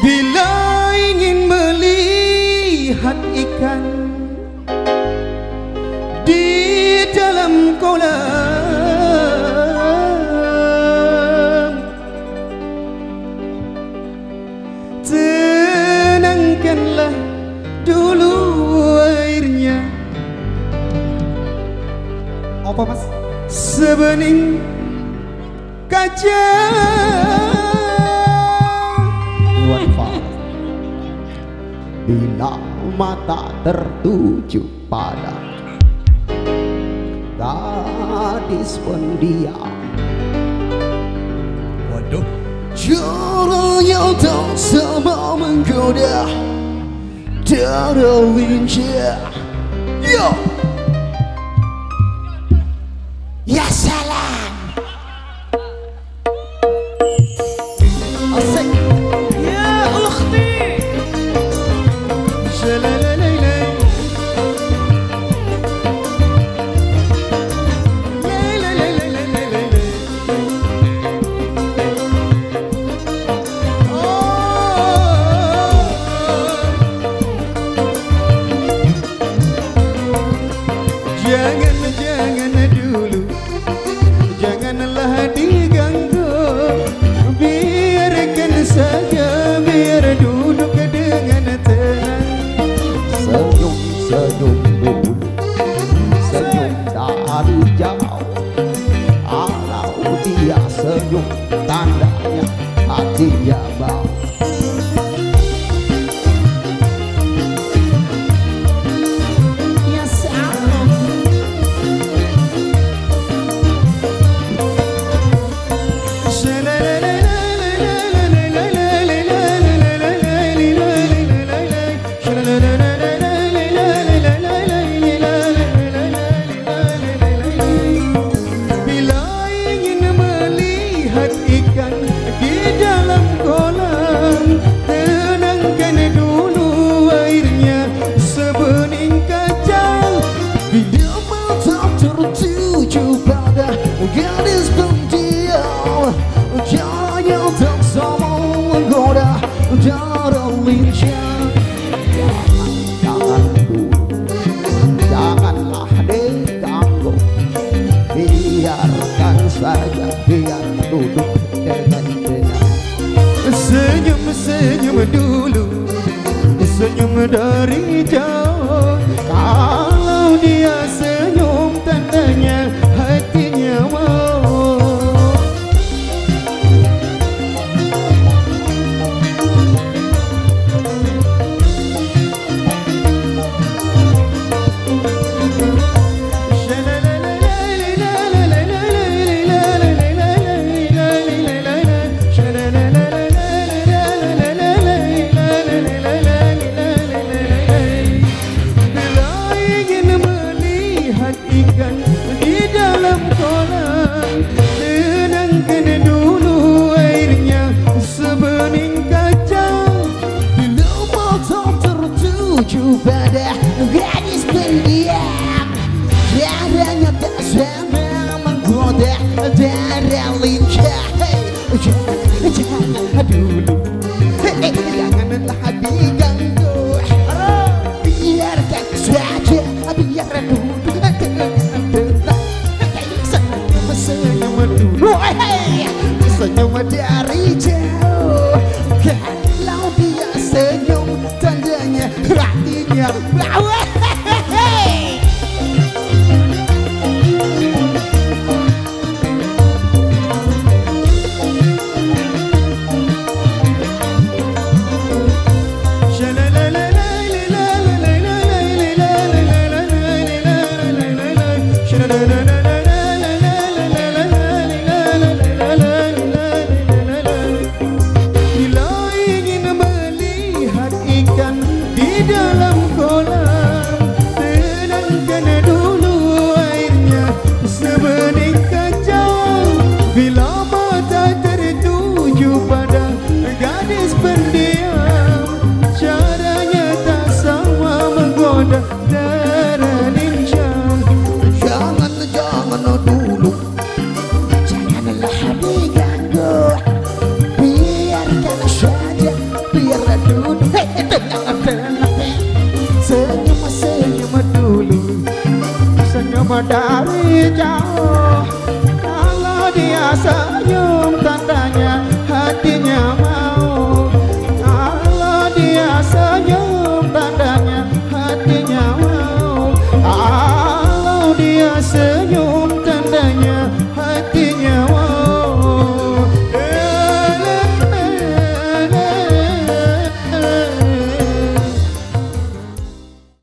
Bila ingin melihat ikan القلم Tenangkanlah dulu airnya Apa mas? Sebening kaca Bila mata tertuju pada gadis pendiam Waduh Jalannya tak sama menggoda Darah lincah Yo! dari jauh alau dia senyum tandanya hatinya hati senyum dulu Senyum dari Yeah. Ah, ah, ah, ada Jangan, dulu Janganlah saja dulu Senyum, senyum dulu Senyum dari jauh Kalau dia senyum Tandanya hatinya sonho